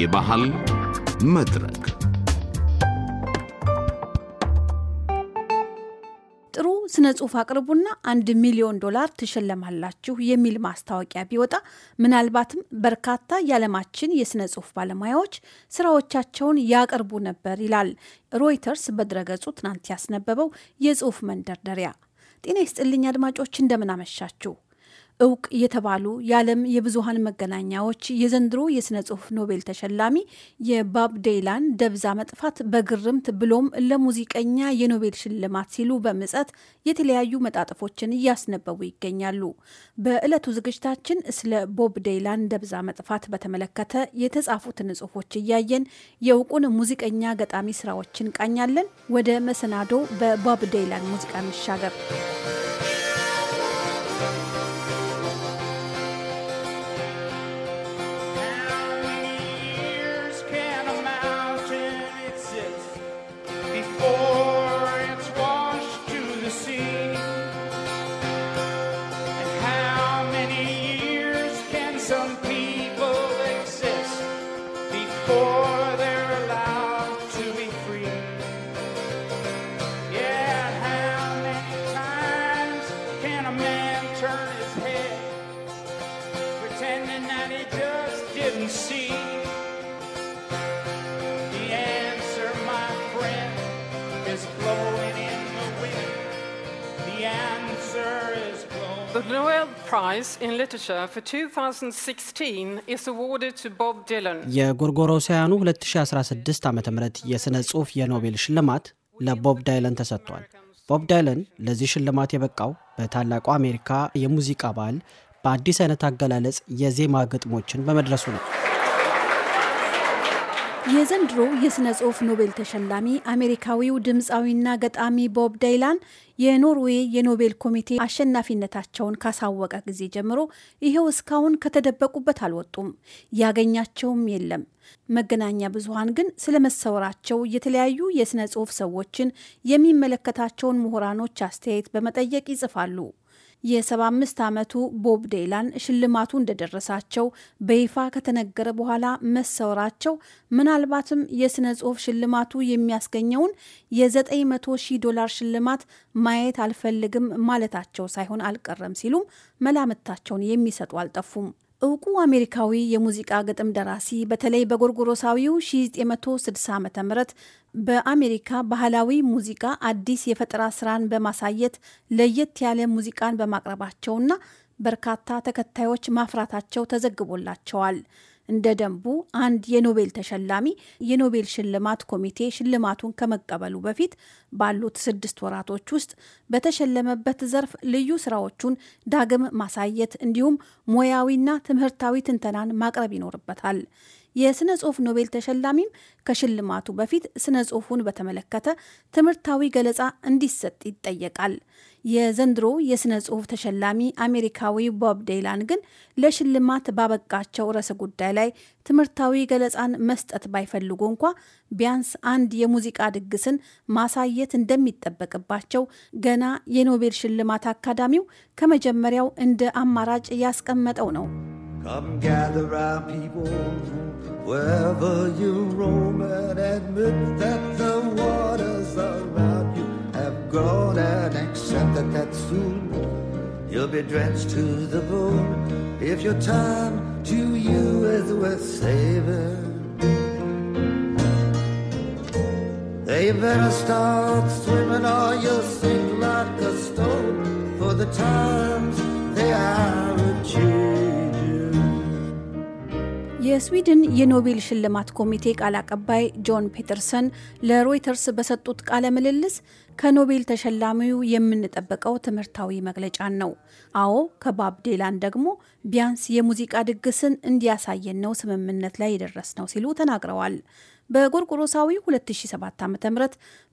የባህል መድረክ ጥሩ ስነ ጽሁፍ አቅርቡና አንድ ሚሊዮን ዶላር ትሸለማላችሁ የሚል ማስታወቂያ ቢወጣ ምናልባትም በርካታ የዓለማችን የስነ ጽሁፍ ባለሙያዎች ስራዎቻቸውን ያቀርቡ ነበር ይላል ሮይተርስ በድረገጹ ትናንት ያስነበበው የጽሁፍ መንደርደሪያ። ጤና ይስጥልኝ አድማጮች፣ እንደምን አመሻችሁ። እውቅ የተባሉ የዓለም የብዙሀን መገናኛዎች የዘንድሮ የሥነ ጽሑፍ ኖቤል ተሸላሚ የባብ ዴይላን ደብዛ መጥፋት በግርምት ብሎም ለሙዚቀኛ የኖቤል ሽልማት ሲሉ በምጸት የተለያዩ መጣጥፎችን እያስነበቡ ይገኛሉ። በዕለቱ ዝግጅታችን ስለ ቦብ ዴይላን ደብዛ መጥፋት በተመለከተ የተጻፉትን ጽሑፎች እያየን የእውቁን ሙዚቀኛ ገጣሚ ስራዎችን ቃኛለን። ወደ መሰናዶ በቦብ ዴይላን ሙዚቃ እንሻገር። Prize in Literature for 2016 is awarded to Bob Dylan. የጎርጎሮሳውያኑ 2016 ዓ.ም የሥነ ጽሑፍ የኖቤል ሽልማት ለቦብ ዳይለን ተሰጥቷል። ቦብ ዳይለን ለዚህ ሽልማት የበቃው በታላቁ አሜሪካ የሙዚቃ ባህል በአዲስ አይነት አገላለጽ የዜማ ግጥሞችን በመድረሱ ነው። የዘንድሮ የሥነ ጽሑፍ ኖቤል ተሸላሚ አሜሪካዊው ድምፃዊና ገጣሚ ቦብ ዳይላን የኖርዌይ የኖቤል ኮሚቴ አሸናፊነታቸውን ካሳወቀ ጊዜ ጀምሮ ይኸው እስካሁን ከተደበቁበት አልወጡም፣ ያገኛቸውም የለም። መገናኛ ብዙሃን ግን ስለ መሰወራቸው የተለያዩ የሥነ ጽሑፍ ሰዎችን፣ የሚመለከታቸውን ምሁራኖች አስተያየት በመጠየቅ ይጽፋሉ። የ75 ዓመቱ ቦብ ዴላን ሽልማቱ እንደደረሳቸው በይፋ ከተነገረ በኋላ መሰወራቸው ምናልባትም የስነ ጽሑፍ ሽልማቱ የሚያስገኘውን የ900 ሺህ ዶላር ሽልማት ማየት አልፈልግም ማለታቸው ሳይሆን አልቀረም ሲሉም መላምታቸውን የሚሰጡ አልጠፉም። እውቁ አሜሪካዊ የሙዚቃ ግጥም ደራሲ በተለይ በጎርጎሮሳዊው 1960 ዓ ም በአሜሪካ ባህላዊ ሙዚቃ አዲስ የፈጠራ ስራን በማሳየት ለየት ያለ ሙዚቃን በማቅረባቸውና በርካታ ተከታዮች ማፍራታቸው ተዘግቦላቸዋል። እንደ ደንቡ አንድ የኖቤል ተሸላሚ የኖቤል ሽልማት ኮሚቴ ሽልማቱን ከመቀበሉ በፊት ባሉት ስድስት ወራቶች ውስጥ በተሸለመበት ዘርፍ ልዩ ስራዎቹን ዳግም ማሳየት እንዲሁም ሙያዊና ትምህርታዊ ትንተናን ማቅረብ ይኖርበታል። የስነ ጽሁፍ ኖቤል ተሸላሚም ከሽልማቱ በፊት ስነ ጽሁፉን በተመለከተ ትምህርታዊ ገለጻ እንዲሰጥ ይጠየቃል። የዘንድሮ የስነ ጽሁፍ ተሸላሚ አሜሪካዊ ቦብ ዴላን ግን ለሽልማት ባበቃቸው ርዕሰ ጉዳይ ላይ ትምህርታዊ ገለጻን መስጠት ባይፈልጉ እንኳ ቢያንስ አንድ የሙዚቃ ድግስን ማሳየት እንደሚጠበቅባቸው ገና የኖቤል ሽልማት አካዳሚው ከመጀመሪያው እንደ አማራጭ ያስቀመጠው ነው። Come gather round people wherever you roam and admit that the waters around you have grown and accept that, that soon you'll be drenched to the bone if your time to you is worth saving. They better start swimming or you'll sink like a stone for the time የስዊድን የኖቤል ሽልማት ኮሚቴ ቃል አቀባይ ጆን ፔተርሰን ለሮይተርስ በሰጡት ቃለ ምልልስ ከኖቤል ተሸላሚው የምንጠብቀው ትምህርታዊ መግለጫን ነው። አዎ ከባብ ዴላን ደግሞ ቢያንስ የሙዚቃ ድግስን እንዲያሳየን ነው ስምምነት ላይ የደረስነው ሲሉ ተናግረዋል። በጎርጎሮሳዊ 2007 ዓ ም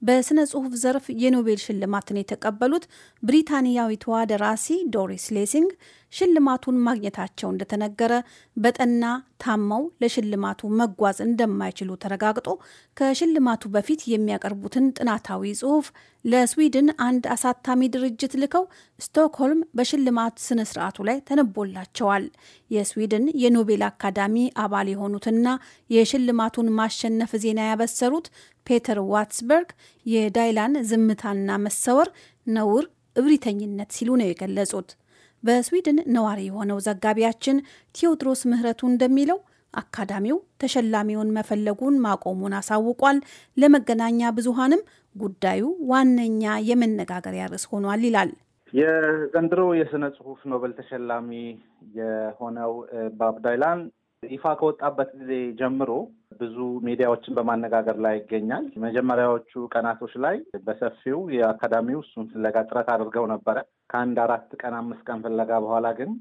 በሥነ ጽሑፍ ዘርፍ የኖቤል ሽልማትን የተቀበሉት ብሪታንያዊቷ ደራሲ ዶሪስ ሌሲንግ ሽልማቱን ማግኘታቸው እንደተነገረ በጠና ታመው ለሽልማቱ መጓዝ እንደማይችሉ ተረጋግጦ ከሽልማቱ በፊት የሚያቀርቡትን ጥናታዊ ጽሑፍ ለስዊድን አንድ አሳታሚ ድርጅት ልከው ስቶክሆልም በሽልማት ስነ ስርዓቱ ላይ ተነቦላቸዋል። የስዊድን የኖቤል አካዳሚ አባል የሆኑትና የሽልማቱን ማሸነፍ ዜና ያበሰሩት ፔተር ዋትስበርግ የዳይላን ዝምታና መሰወር ነውር እብሪተኝነት ሲሉ ነው የገለጹት። በስዊድን ነዋሪ የሆነው ዘጋቢያችን ቴዎድሮስ ምህረቱ እንደሚለው አካዳሚው ተሸላሚውን መፈለጉን ማቆሙን አሳውቋል። ለመገናኛ ብዙሃንም ጉዳዩ ዋነኛ የመነጋገሪያ ርዕስ ሆኗል ይላል። የዘንድሮ የስነ ጽሁፍ ኖበል ተሸላሚ የሆነው ባብ ዳይላን ይፋ ከወጣበት ጊዜ ጀምሮ ብዙ ሚዲያዎችን በማነጋገር ላይ ይገኛል። መጀመሪያዎቹ ቀናቶች ላይ በሰፊው የአካዳሚው እሱን ፍለጋ ጥረት አድርገው ነበረ። ከአንድ አራት ቀን አምስት ቀን ፍለጋ በኋላ ግን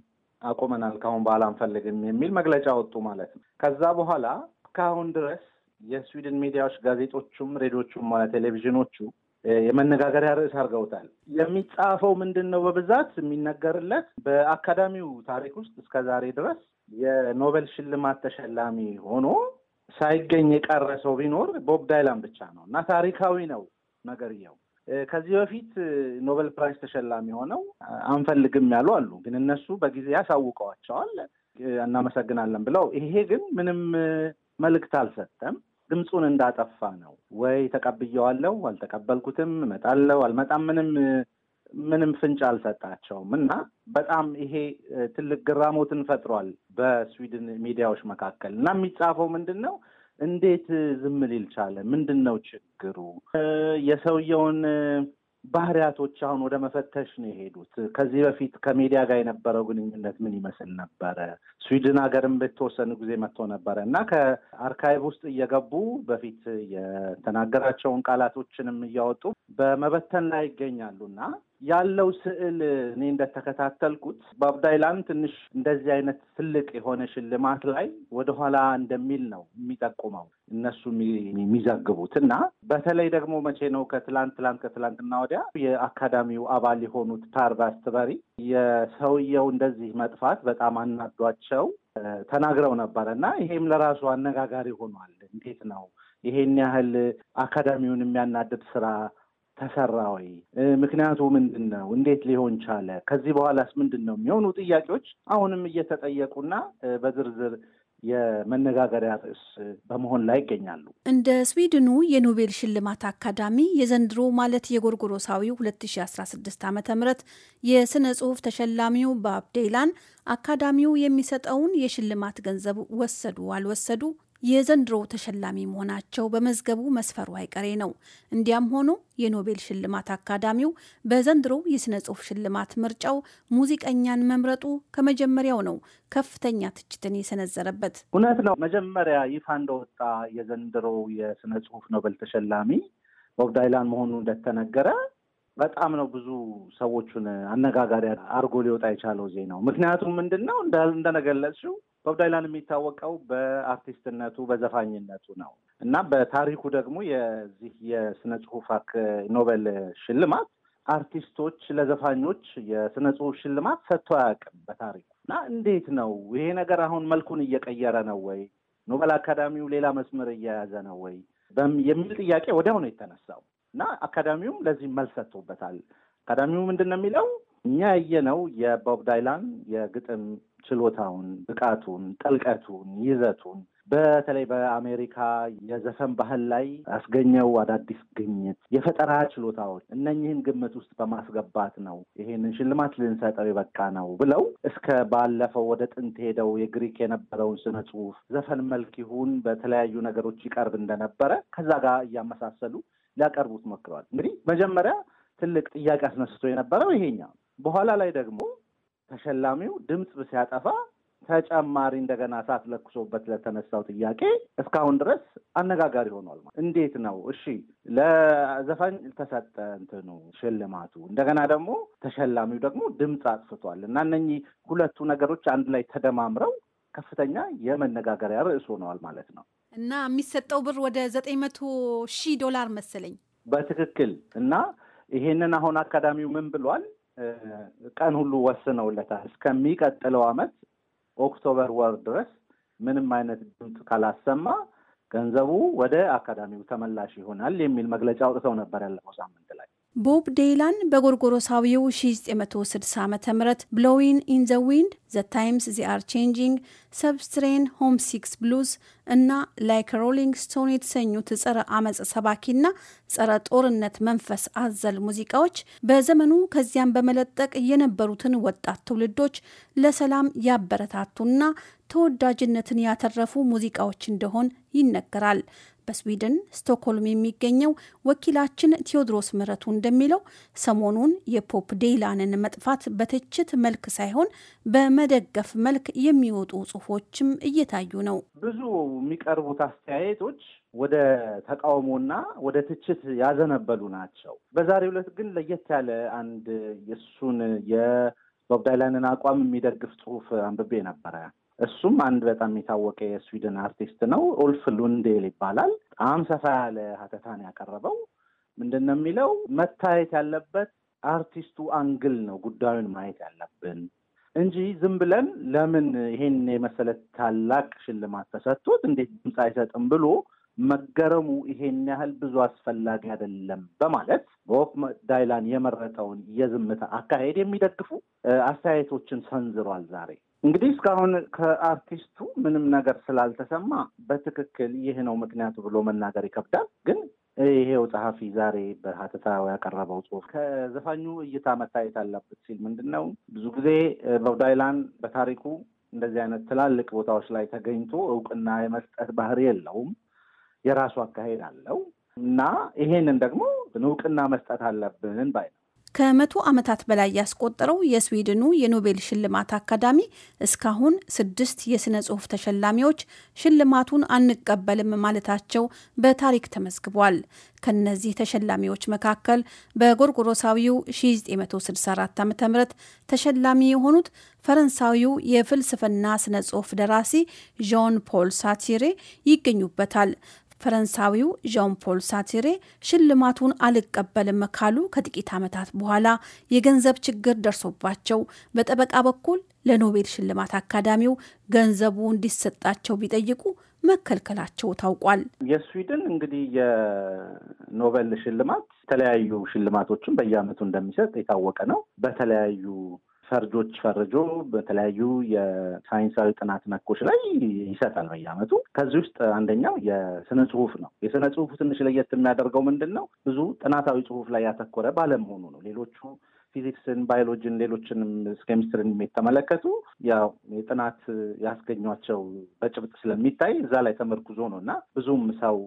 አቁመናል፣ ከአሁን በኋላ አንፈልግም የሚል መግለጫ ወጡ ማለት ነው። ከዛ በኋላ እስካሁን ድረስ የስዊድን ሚዲያዎች ጋዜጦቹም፣ ሬዲዮቹም ሆነ ቴሌቪዥኖቹ የመነጋገሪያ ርዕስ አድርገውታል። የሚጻፈው ምንድን ነው? በብዛት የሚነገርለት በአካዳሚው ታሪክ ውስጥ እስከ ዛሬ ድረስ የኖቤል ሽልማት ተሸላሚ ሆኖ ሳይገኝ የቀረ ሰው ቢኖር ቦብ ዳይላን ብቻ ነው እና ታሪካዊ ነው ነገርየው። ከዚህ በፊት ኖቤል ፕራይስ ተሸላሚ ሆነው አንፈልግም ያሉ አሉ፣ ግን እነሱ በጊዜ ያሳውቀዋቸዋል እናመሰግናለን ብለው። ይሄ ግን ምንም መልእክት አልሰጠም። ድምፁን እንዳጠፋ ነው ወይ ተቀብየዋለው፣ አልተቀበልኩትም፣ እመጣለው፣ አልመጣም፣ ምንም ምንም ፍንጭ አልሰጣቸውም እና በጣም ይሄ ትልቅ ግራሞትን ፈጥሯል በስዊድን ሚዲያዎች መካከል እና የሚጻፈው ምንድን ነው? እንዴት ዝም ሊል ቻለ? ምንድን ነው ችግሩ? የሰውየውን ባህሪያቶች አሁን ወደ መፈተሽ ነው የሄዱት። ከዚህ በፊት ከሚዲያ ጋር የነበረው ግንኙነት ምን ይመስል ነበረ? ስዊድን ሀገርም በተወሰኑ ጊዜ መጥቶ ነበረ እና ከአርካይቭ ውስጥ እየገቡ በፊት የተናገራቸውን ቃላቶችንም እያወጡ በመበተን ላይ ይገኛሉ እና ያለው ስዕል እኔ እንደተከታተልኩት ቦብ ዳይላን ትንሽ እንደዚህ አይነት ትልቅ የሆነ ሽልማት ላይ ወደኋላ እንደሚል ነው የሚጠቁመው እነሱ የሚዘግቡት እና በተለይ ደግሞ መቼ ነው ከትላንት ትላንት ከትላንትና ወዲያ የአካዳሚው አባል የሆኑት በሪ የሰውየው እንደዚህ መጥፋት በጣም አናዷቸው ተናግረው ነበረ እና ይሄም ለራሱ አነጋጋሪ ሆኗል። እንዴት ነው ይሄን ያህል አካዳሚውን የሚያናድድ ስራ ተሰራ ወይ? ምክንያቱ ምንድን ነው? እንዴት ሊሆን ቻለ? ከዚህ በኋላስ ምንድን ነው የሚሆኑ ጥያቄዎች አሁንም እየተጠየቁና በዝርዝር የመነጋገሪያ ርዕስ በመሆን ላይ ይገኛሉ። እንደ ስዊድኑ የኖቤል ሽልማት አካዳሚ የዘንድሮ ማለት የጎርጎሮሳዊው 2016 ዓ ም የስነ ጽሁፍ ተሸላሚው ባብ አካዳሚው የሚሰጠውን የሽልማት ገንዘብ ወሰዱ አልወሰዱ የዘንድሮ ተሸላሚ መሆናቸው በመዝገቡ መስፈሩ አይቀሬ ነው። እንዲያም ሆኖ የኖቤል ሽልማት አካዳሚው በዘንድሮ የሥነ ጽሑፍ ሽልማት ምርጫው ሙዚቀኛን መምረጡ ከመጀመሪያው ነው ከፍተኛ ትችትን የሰነዘረበት። እውነት ነው። መጀመሪያ ይፋ እንደወጣ የዘንድሮ የሥነ ጽሑፍ ኖቤል ተሸላሚ ቦብ ዳይላን መሆኑ እንደተነገረ በጣም ነው ብዙ ሰዎቹን አነጋጋሪ አድርጎ ሊወጣ የቻለው ዜናው። ምክንያቱም ምንድን ነው እንደነገለጽሽው ቦብ ዳይላን የሚታወቀው በአርቲስትነቱ በዘፋኝነቱ ነው እና በታሪኩ ደግሞ የዚህ የስነ ጽሁፍ ኖቤል ሽልማት አርቲስቶች ለዘፋኞች የስነ ጽሁፍ ሽልማት ሰጥቶ አያውቅም በታሪኩ እና እንዴት ነው ይሄ ነገር አሁን መልኩን እየቀየረ ነው ወይ ኖበል አካዳሚው ሌላ መስመር እየያዘ ነው ወይ የሚል ጥያቄ ወዲያው ነው የተነሳው እና አካዳሚውም ለዚህ መልስ ሰጥቶበታል አካዳሚው ምንድን ነው የሚለው እኛ ያየነው የቦብ ዳይላን የግጥም ችሎታውን፣ ብቃቱን፣ ጥልቀቱን፣ ይዘቱን በተለይ በአሜሪካ የዘፈን ባህል ላይ ያስገኘው አዳዲስ ግኝት፣ የፈጠራ ችሎታዎች እነኝህን ግምት ውስጥ በማስገባት ነው ይሄንን ሽልማት ልንሰጠው የበቃ ነው ብለው እስከ ባለፈው ወደ ጥንት ሄደው የግሪክ የነበረውን ስነ ጽሁፍ ዘፈን መልክ ይሁን በተለያዩ ነገሮች ይቀርብ እንደነበረ ከዛ ጋር እያመሳሰሉ ሊያቀርቡት ሞክረዋል። እንግዲህ መጀመሪያ ትልቅ ጥያቄ አስነስቶ የነበረው ይሄኛው፣ በኋላ ላይ ደግሞ ተሸላሚው ድምፅ ሲያጠፋ ተጨማሪ እንደገና እሳት ለኩሶበት ለተነሳው ጥያቄ እስካሁን ድረስ አነጋጋሪ ሆኗል። ማለት እንዴት ነው? እሺ ለዘፋኝ ተሰጠ እንትኑ ሽልማቱ፣ እንደገና ደግሞ ተሸላሚው ደግሞ ድምፅ አጥፍቷል እና እነኚህ ሁለቱ ነገሮች አንድ ላይ ተደማምረው ከፍተኛ የመነጋገሪያ ርዕስ ሆነዋል ማለት ነው እና የሚሰጠው ብር ወደ ዘጠኝ መቶ ሺህ ዶላር መሰለኝ በትክክል እና ይሄንን አሁን አካዳሚው ምን ብሏል? ቀን ሁሉ ወስነውለታል። እስከሚቀጥለው ዓመት ኦክቶበር ወር ድረስ ምንም አይነት ድምፅ ካላሰማ ገንዘቡ ወደ አካዳሚው ተመላሽ ይሆናል የሚል መግለጫ አውጥተው ነበር ያለፈው ሳምንት ላይ። ቦብ ዴይላን በጎርጎሮሳዊው 1960 ዓ ም ብሎዊን ኢን ዘ ዊንድ ዘ ታይምስ ዚ አር ቼንጂንግ ሰብስትሬን ሆም ሲክስ ብሉዝ እና ላይክ ሮሊንግ ስቶን የተሰኙት ጸረ አመፅ ሰባኪና ጸረ ጦርነት መንፈስ አዘል ሙዚቃዎች በዘመኑ ከዚያም በመለጠቅ የነበሩትን ወጣት ትውልዶች ለሰላም ያበረታቱና ተወዳጅነትን ያተረፉ ሙዚቃዎች እንደሆን ይነገራል። በስዊድን ስቶክሆልም የሚገኘው ወኪላችን ቴዎድሮስ ምረቱ እንደሚለው ሰሞኑን የፖፕ ዴላንን መጥፋት በትችት መልክ ሳይሆን በመደገፍ መልክ የሚወጡ ጽሁፎችም እየታዩ ነው። ብዙ የሚቀርቡት አስተያየቶች ወደ ተቃውሞና ወደ ትችት ያዘነበሉ ናቸው። በዛሬው ዕለት ግን ለየት ያለ አንድ የእሱን የቦብ ዳይላንን አቋም የሚደግፍ ጽሁፍ አንብቤ ነበረ። እሱም አንድ በጣም የታወቀ የስዊድን አርቲስት ነው። ኦልፍ ሉንዴል ይባላል። በጣም ሰፋ ያለ ሀተታን ያቀረበው ምንድን ነው የሚለው መታየት ያለበት አርቲስቱ አንግል ነው ጉዳዩን ማየት ያለብን እንጂ ዝም ብለን ለምን ይሄን የመሰለ ታላቅ ሽልማት ተሰጥቶት እንዴት ድምፅ አይሰጥም ብሎ መገረሙ ይሄን ያህል ብዙ አስፈላጊ አይደለም በማለት በወክ ዳይላን የመረጠውን የዝምታ አካሄድ የሚደግፉ አስተያየቶችን ሰንዝሯል ዛሬ እንግዲህ እስካሁን ከአርቲስቱ ምንም ነገር ስላልተሰማ በትክክል ይህ ነው ምክንያቱ ብሎ መናገር ይከብዳል። ግን ይሄው ጸሐፊ ዛሬ በሀተታ ያቀረበው ጽሁፍ ከዘፋኙ እይታ መታየት አለበት ሲል ምንድን ነው ብዙ ጊዜ በውዳይላን በታሪኩ እንደዚህ አይነት ትላልቅ ቦታዎች ላይ ተገኝቶ እውቅና የመስጠት ባህሪ የለውም። የራሱ አካሄድ አለው እና ይሄንን ደግሞ እውቅና መስጠት አለብን ባይ ከመቶ ዓመታት በላይ ያስቆጠረው የስዊድኑ የኖቤል ሽልማት አካዳሚ እስካሁን ስድስት የሥነ ጽሑፍ ተሸላሚዎች ሽልማቱን አንቀበልም ማለታቸው በታሪክ ተመዝግቧል። ከነዚህ ተሸላሚዎች መካከል በጎርጎሮሳዊው 1964 .ም ተሸላሚ የሆኑት ፈረንሳዊው የፍልስፍና ስነ ጽሑፍ ደራሲ ዣን ፖል ሳቲሬ ይገኙበታል። ፈረንሳዊው ዣን ፖል ሳቴሬ ሽልማቱን አልቀበልም ካሉ ከጥቂት ዓመታት በኋላ የገንዘብ ችግር ደርሶባቸው በጠበቃ በኩል ለኖቤል ሽልማት አካዳሚው ገንዘቡ እንዲሰጣቸው ቢጠይቁ መከልከላቸው ታውቋል። የስዊድን እንግዲህ የኖቤል ሽልማት የተለያዩ ሽልማቶችን በየዓመቱ እንደሚሰጥ የታወቀ ነው። በተለያዩ ፈርጆች ፈርጆ በተለያዩ የሳይንሳዊ ጥናት ነኮች ላይ ይሰጣል በየአመቱ ከዚህ ውስጥ አንደኛው የስነ ጽሁፍ ነው። የስነ ጽሁፉ ትንሽ ለየት የሚያደርገው ምንድን ነው? ብዙ ጥናታዊ ጽሁፍ ላይ ያተኮረ ባለመሆኑ ነው። ሌሎቹ ፊዚክስን፣ ባዮሎጂን፣ ሌሎችንም ኬሚስትሪን የተመለከቱ ያው የጥናት ያስገኟቸው በጭብጥ ስለሚታይ እዛ ላይ ተመርኩዞ ነው እና ብዙም ሰው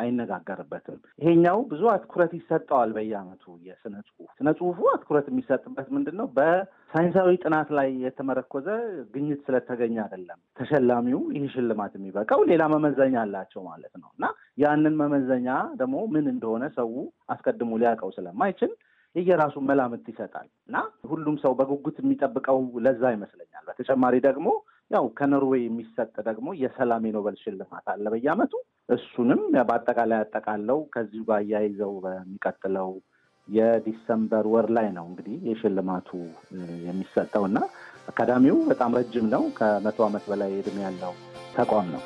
አይነጋገርበትም። ይሄኛው ብዙ አትኩረት ይሰጠዋል በየአመቱ የስነ ጽሁፍ ስነ ጽሁፉ አትኩረት የሚሰጥበት ምንድን ነው? በሳይንሳዊ ጥናት ላይ የተመረኮዘ ግኝት ስለተገኘ አይደለም። ተሸላሚው ይህ ሽልማት የሚበቃው ሌላ መመዘኛ አላቸው ማለት ነው እና ያንን መመዘኛ ደግሞ ምን እንደሆነ ሰው አስቀድሞ ሊያውቀው ስለማይችል የየራሱን መላምት ይሰጣል እና ሁሉም ሰው በጉጉት የሚጠብቀው ለዛ ይመስለኛል። በተጨማሪ ደግሞ ያው ከኖርዌይ የሚሰጥ ደግሞ የሰላም የኖበል ሽልማት አለ በየአመቱ እሱንም በአጠቃላይ ያጠቃለው ከዚሁ ጋር እያይዘው በሚቀጥለው የዲሰምበር ወር ላይ ነው እንግዲህ የሽልማቱ የሚሰጠው እና አካዳሚው በጣም ረጅም ነው። ከመቶ ዓመት በላይ እድሜ ያለው ተቋም ነው።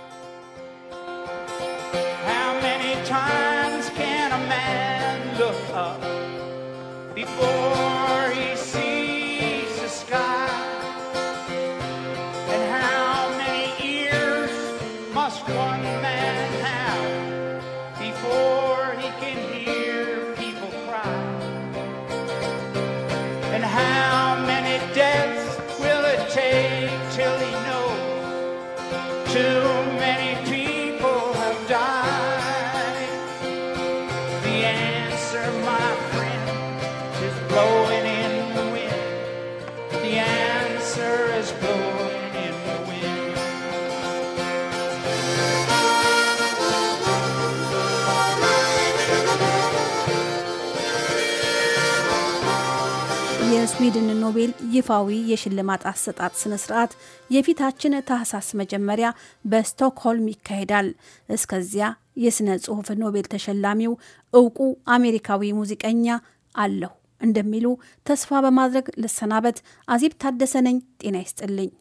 የስዊድን ኖቤል ይፋዊ የሽልማት አሰጣጥ ስነ ስርዓት የፊታችን ታህሳስ መጀመሪያ በስቶክሆልም ይካሄዳል። እስከዚያ የሥነ ጽሑፍ ኖቤል ተሸላሚው እውቁ አሜሪካዊ ሙዚቀኛ አለሁ እንደሚሉ ተስፋ በማድረግ ልሰናበት። አዜብ ታደሰ ነኝ። ጤና ይስጥልኝ።